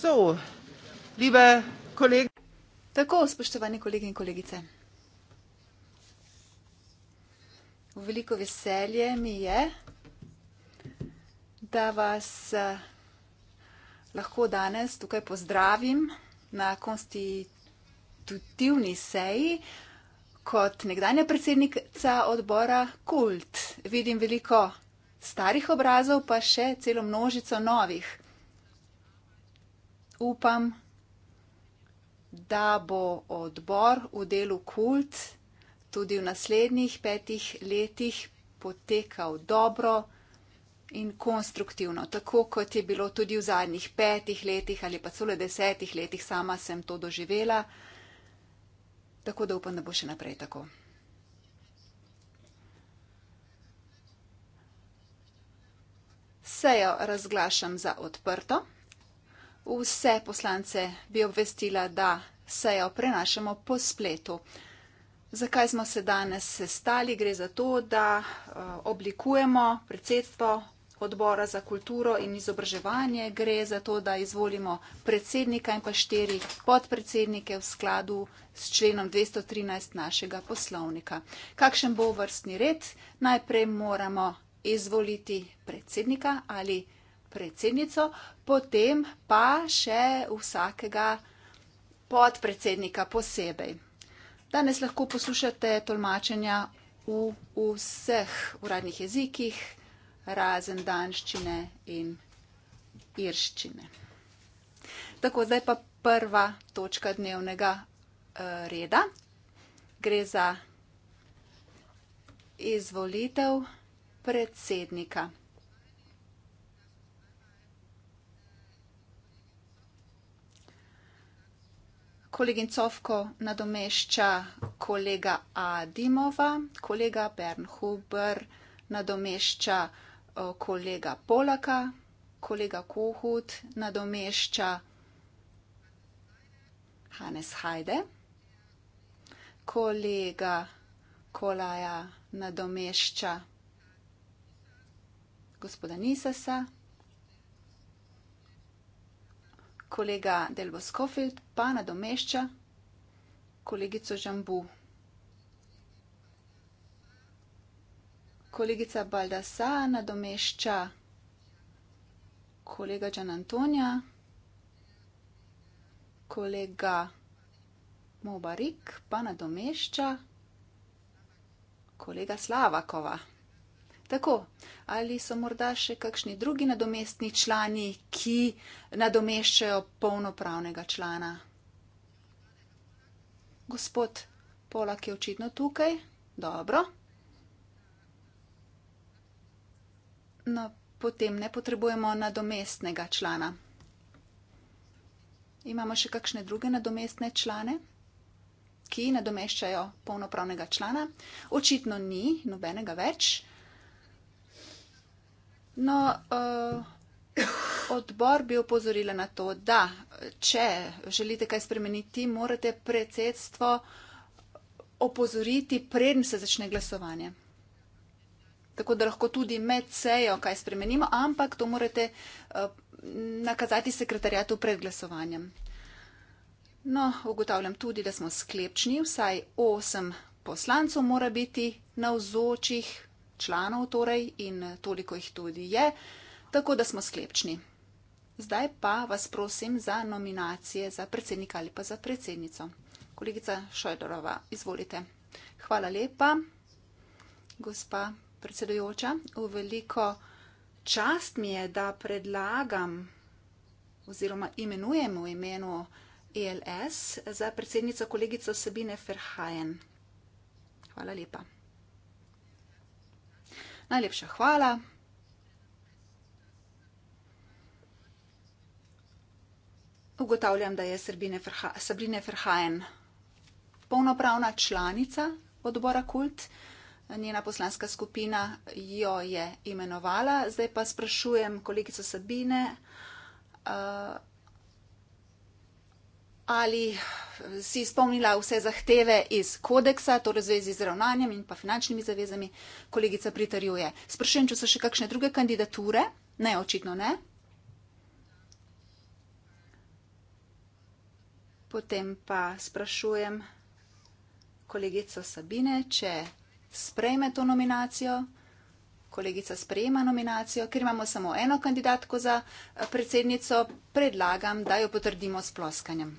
So, liebe Kollegen. Tako, spoštovani kolegi in kolegice. Veliko veselje mi je, da vas eh, lahko danes tukaj pozdravim na konstitutivni seji kot nekdanja predsednica odbora Kult. Vidim veliko starih obrazov, pa še celo množico novih upam, da bo odbor v delu kult tudi v naslednjih petih letih potekal dobro in konstruktivno, tako kot je bilo tudi v zadnjih petih letih ali pa celo desetih letih, sama sem to doživela, tako da upam, da bo še naprej tako. Sejo razglašam za odprto vse poslance bi obvestila, da sejo prenašamo po spletu. Zakaj smo se danes sestali? Gre za to, da eh, oblikujemo predsedstvo odbora za kulturo in izobraževanje, gre za to, da izvolimo predsednika in pa štiri podpredsednike v skladu s členom 213 našega poslovnika. Kakšen bo vrstni red? Najprej moramo izvoliti predsednika ali predsednika predsednico, potem pa še vsakega podpredsednika posebej. Danes lahko poslušate tolmačenja v vseh uradnih jezikih, razen danščine in irščine. Tako, zdaj pa prva točka dnevnega eh, reda. Gre za izvolitev predsednika. kolegin Covko nadomešča kolega Adimova, kolega Bernhuber nadomešča kolega Polaka, kolega Kohut nadomešča Hannes Heide, kolega Kolaja nadomešča gospoda Nisesa. kolega Delvo Skofield pa nadomešča kolegico Žambu. Kolegica Baldasa nadomešča kolega Džan Antonija, kolega Mobarik pa nadomešča kolega Slavakova. Tako, ali so morda še kakšni drugi nadomestni člani, ki nadomeščajo polnopravnega člana? Gospod Polak je očitno tukaj. Dobro. No, potem ne potrebujemo nadomestnega člana. Imamo še kakšne druge nadomestne člane, ki nadomeščajo polnopravnega člana? Očitno ni nobenega več. No, uh, odbor bi opozorila na to, da če želite kaj spremeniti, morate predsedstvo opozoriti, preden se začne glasovanje. Tako da lahko tudi med sejo kaj spremenimo, ampak to morate uh, nakazati sekretarjatu pred glasovanjem. No, ugotavljam tudi, da smo sklepčni, vsaj osem poslancov mora biti navzočih članov, torej in toliko jih tudi je, tako da smo sklepčni. Zdaj pa vas prosim za nominacije za predsednika ali pa za predsednico. Kolegica Šojdorova, izvolite. Hvala lepa, gospa predsedujoča. V veliko čast mi je, da predlagam oziroma imenujem v imenu ELS za predsednico kolegico Sabine Ferhajen. Hvala lepa. Najlepša hvala. Ugotavljam, da je Ferha, Sabrine Ferhajen polnopravna članica odbora Kult. Njena poslanska skupina jo je imenovala. Zdaj pa sprašujem kolegico Sabine. Uh, ali si izpolnila vse zahteve iz kodeksa, torej zvezi z ravnanjem in pa finančnimi zavezami, kolegica pritarjuje. Sprašujem, če so še kakšne druge kandidature? Ne, očitno ne. Potem pa sprašujem kolegico Sabine, če sprejme to nominacijo. Kolegica sprejema nominacijo, ker imamo samo eno kandidatko za eh, predsednico, predlagam, da jo potrdimo s ploskanjem.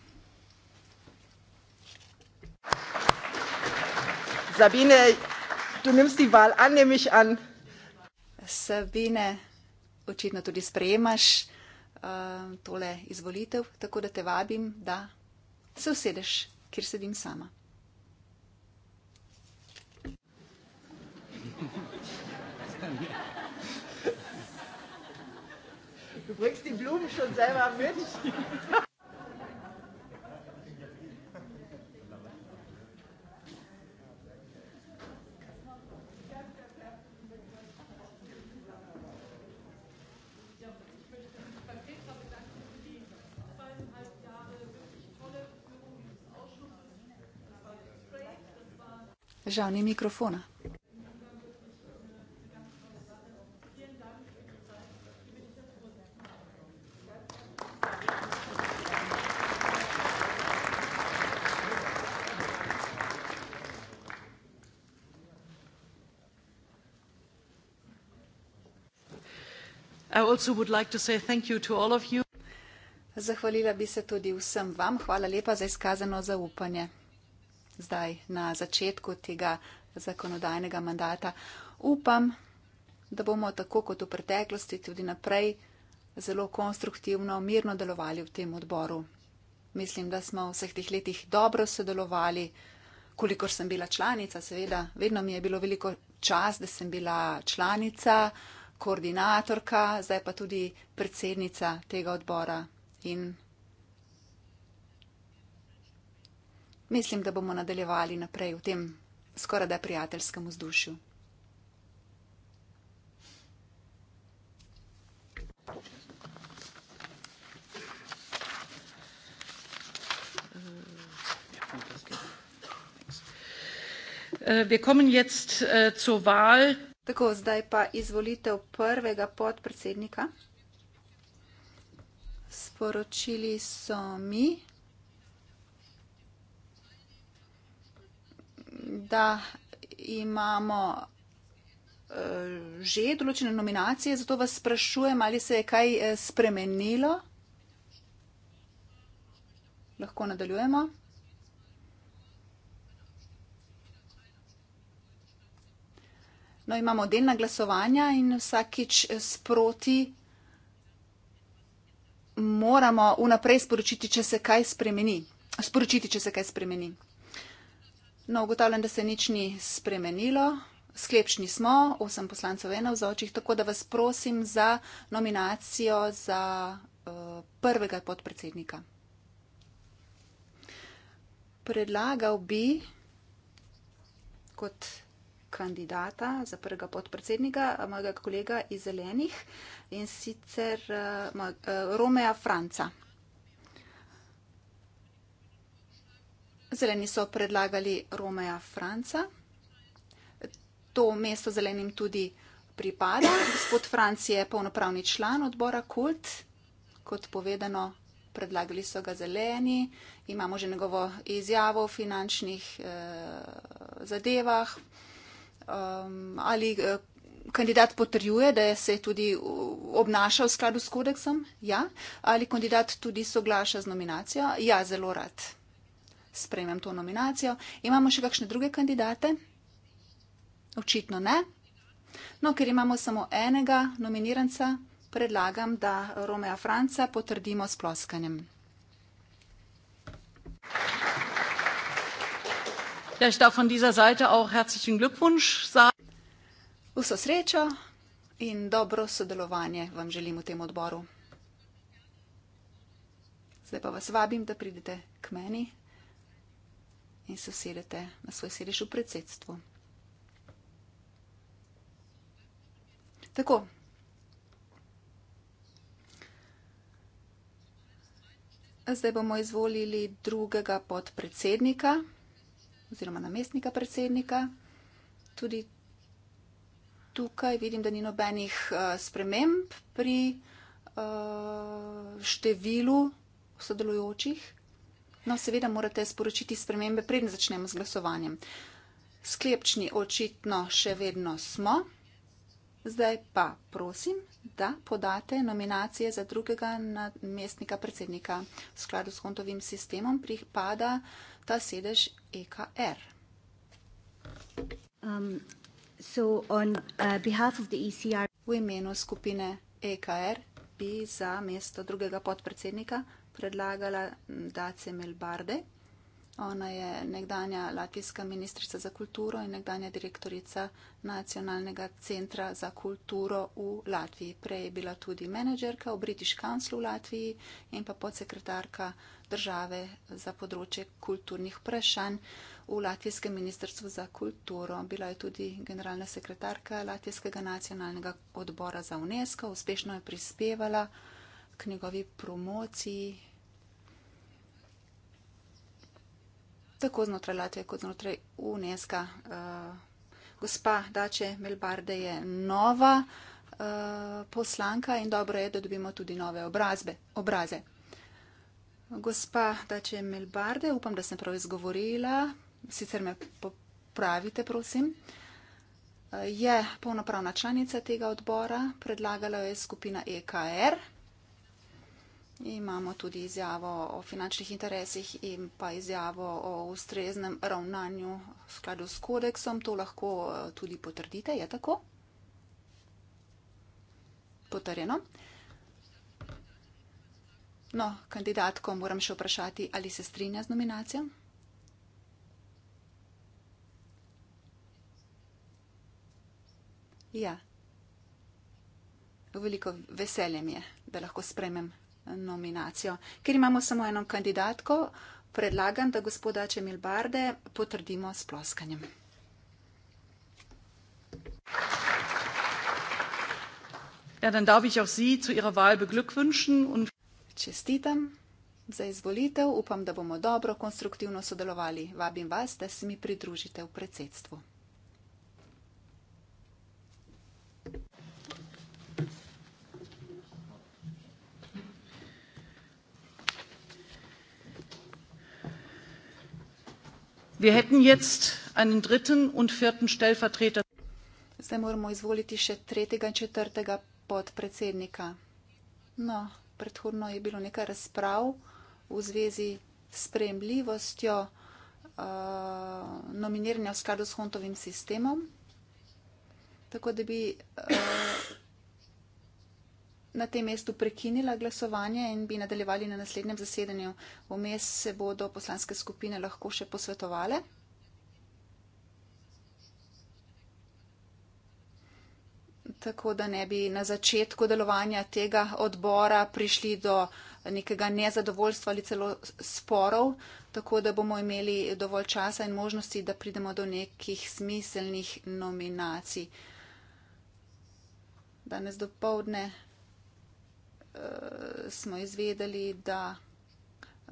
Sabine, du nimmst die Wahl an, nehme ich an. Sabine, očitno tudi sprejemaš uh, tole izvolitev, tako da te vabim, da se usedeš, kjer sedim sama. Du bringst die Blumen schon selber mit. Žani mikrofona. Zahvalila bi se tudi vsem vam, hvala lepa za izkazano zaupanje zdaj na začetku tega zakonodajnega mandata. Upam, da bomo tako kot v preteklosti tudi naprej zelo konstruktivno, mirno delovali v tem odboru. Mislim, da smo v vseh teh letih dobro sodelovali, kolikor sem bila članica, seveda, vedno mi je bilo veliko čas, da sem bila članica, koordinatorka, zdaj pa tudi predsednica tega odbora. In mislim, da bomo nadaljevali naprej v tem skorajda prijateljskem vzdušju. Äh, jetzt, uh, zur Wahl. Tako, zdaj pa izvolitev prvega podpredsednika. Sporočili so mi, da imamo uh, že določene nominacije, zato vas sprašujem, ali se je kaj eh, spremenilo. Lahko nadaljujemo. No, imamo delna glasovanja in vsakič eh, sproti moramo vnaprej sporočiti, če se kaj spremeni. Sporočiti, če se kaj spremeni. No, ugotavljam, da se nič ni spremenilo. Sklepčni smo, osem poslancev ena vzočih, tako da vas prosim za nominacijo za uh, prvega podpredsednika. Predlagal bi kot kandidata za prvega podpredsednika eh, mojega kolega iz Zelenih in sicer uh, eh, Romeja Franca. Zeleni so predlagali Romeja Franca. To mesto zelenim tudi pripada. Gospod Franc je polnopravni član odbora Kult. Kot povedano, predlagali so ga zeleni. Imamo že njegovo izjavo o finančnih eh, zadevah. Um, ali eh, kandidat potrjuje, da je se tudi eh, obnašal v skladu s kodeksom? Ja. Ali kandidat tudi soglaša z nominacijo? Ja, zelo rad sprejmem to nominacijo. Imamo še kakšne druge kandidate? Očitno ne. No, ker imamo samo enega nominiranca, predlagam, da Romeja Franca potrdimo s ploskanjem. Ja, Vso srečo in dobro sodelovanje vam želim v tem odboru. Zdaj pa vas vabim, da pridete k meni in se usedete na svoj sedež v predsedstvu. Tako. Zdaj bomo izvolili drugega podpredsednika oziroma namestnika predsednika. Tudi tukaj vidim, da ni nobenih eh, sprememb pri uh, številu sodelujočih. No, seveda morate sporočiti spremembe, preden začnemo z glasovanjem. Sklepčni očitno še vedno smo. Zdaj pa prosim, da podate nominacije za drugega namestnika predsednika. V skladu s kontovim sistemom pripada ta sedež EKR. Um, so, uh, ECR... E v imenu skupine EKR bi za mesto drugega podpredsednika predlagala Dace Melbarde. Ona je nekdanja latvijska ministrica za kulturo in nekdanja direktorica Nacionalnega centra za kulturo v Latviji. Prej je bila tudi menedžerka v British Council v Latviji in pa podsekretarka države za področje kulturnih vprašanj v Latvijskem ministrstvu za kulturo. Bila je tudi generalna sekretarka Latvijskega nacionalnega odbora za UNESCO. Uspešno je prispevala k njegovi promociji, tako znotraj Latvije, kot znotraj UNESCO. Uh, eh, gospa Dače Melbarde je nova uh, poslanka in dobro je, da dobimo tudi nove obrazbe, obraze. Gospa Dače Melbarde, upam, da sem prav izgovorila, sicer me popravite, prosim. Eh, je polnopravna članica tega odbora, predlagala jo je skupina EKR. Imamo tudi izjavo o finančnih interesih in pa izjavo o ustreznem ravnanju v skladu s kodeksom. To lahko eh, tudi potrdite, je tako? Potrjeno. No, kandidatko moram še vprašati, ali se strinja z nominacijo. Ja. Veliko veselje mi je, da lahko spremem nominacijo. Ker imamo samo eno kandidatko, predlagam, da gospoda Čemil Barde potrdimo s ploskanjem. Ja, dan da bih auch Sie zu Ihrer Wahl beglückwünschen. Und... Čestitam za izvolitev, upam, da bomo dobro, konstruktivno sodelovali. Vabim vas, da se mi pridružite v predsedstvu. Wir hätten jetzt einen dritten und vierten Stellvertreter. Zdaj moramo izvoliti še tretjega in četrtega podpredsednika. No, predhodno je bilo nekaj razprav v zvezi s spremljivostjo uh, eh, nominiranja v skladu s Huntovim sistemom. Tako da bi uh, na tem mestu prekinila glasovanje in bi nadaljevali na naslednjem zasedanju. Vmes se bodo poslanske skupine lahko še posvetovale. Tako da ne bi na začetku delovanja tega odbora prišli do nekega nezadovoljstva ali celo sporov, tako da bomo imeli dovolj časa in možnosti, da pridemo do nekih smiselnih nominacij. Danes do povdne. Eh, smo izvedeli, da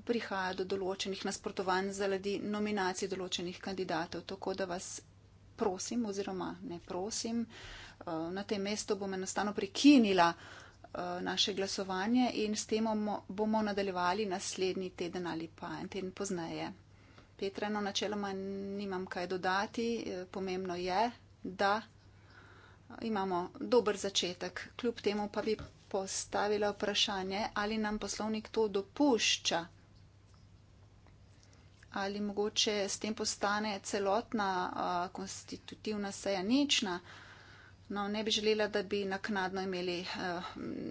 prihaja do določenih nasprotovanj zaradi nominacij določenih kandidatov. Tako da vas prosim oziroma ne prosim, eh, na tem mestu bom enostavno prekinila eh, naše glasovanje in s tem bomo nadaljevali naslednji teden ali pa en teden pozneje. Petreno, načeloma nimam kaj dodati. Pomembno je, da imamo dober začetek. Kljub temu pa bi postavila vprašanje, ali nam poslovnik to dopušča. Ali mogoče s tem postane celotna a, konstitutivna seja nična. No, ne bi želela, da bi naknadno imeli a,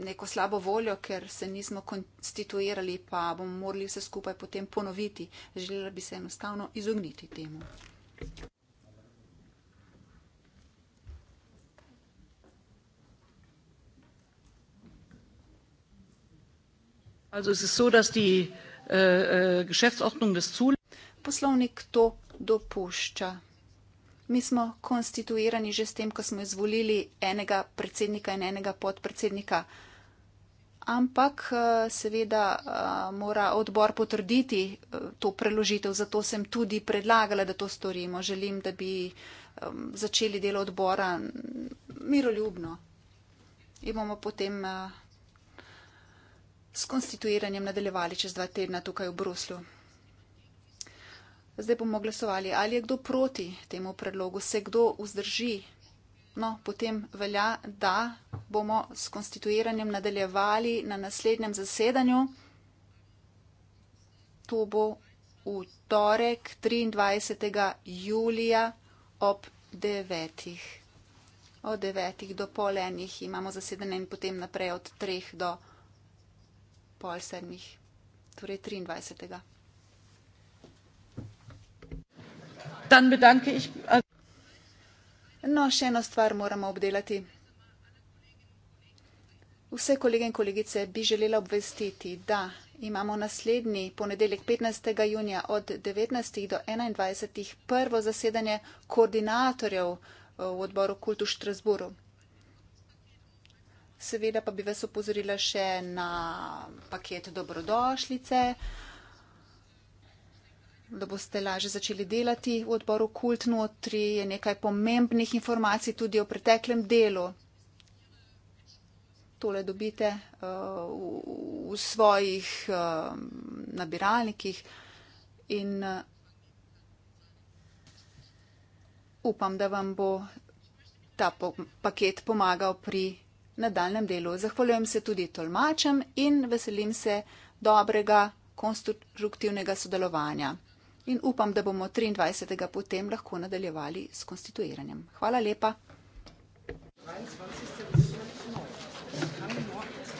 neko slabo voljo, ker se nismo konstituirali, pa bomo morali vse skupaj potem ponoviti. Želela bi se enostavno izogniti temu. Äh, äh, Poslovnik to dopušča. Mi smo konstituirani že s tem, ko smo izvolili enega predsednika in enega podpredsednika. Ampak eh, seveda eh, mora odbor potrditi eh, to preložitev, zato sem tudi predlagala, da to storimo. Želim, da bi začeli delo odbora miroljubno. In bomo potem s konstituiranjem nadaljevali čez dva tedna tukaj v Bruslju. Zdaj bomo glasovali, ali je kdo proti temu predlogu, se kdo vzdrži. No, potem velja, da bomo s konstituiranjem nadaljevali na naslednjem zasedanju. To bo v torek 23. julija ob 9. Od 9. do polenih imamo zasedanje in potem naprej od 3. do 9 pol sedmih, torej 23. Äh, no, še eno stvar moramo obdelati. Vse kolege in kolegice bi želela obvestiti, da imamo naslednji ponedeljek 15. junija od 19. do 21. prvo zasedanje koordinatorjev v odboru Kultu Štrasburu. Seveda pa bi vas opozorila še na paket dobrodošlice, da boste lažje začeli delati v odboru Kult notri. Je nekaj pomembnih informacij tudi o preteklem delu. Tole dobite uh, v, v svojih uh, nabiralnikih in uh, upam, da vam bo ta po paket pomagal pri nadaljem delu. Zahvaljujem se tudi tolmačem in veselim se dobrega konstruktivnega sodelovanja. In upam, da bomo 23. potem lahko nadaljevali s konstituiranjem. Hvala lepa. 23.